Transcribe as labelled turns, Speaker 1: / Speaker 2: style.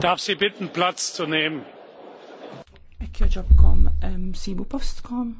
Speaker 1: darf Sie bitten, Platz zu nehmen.
Speaker 2: Ek joġobkom, sibu postkom.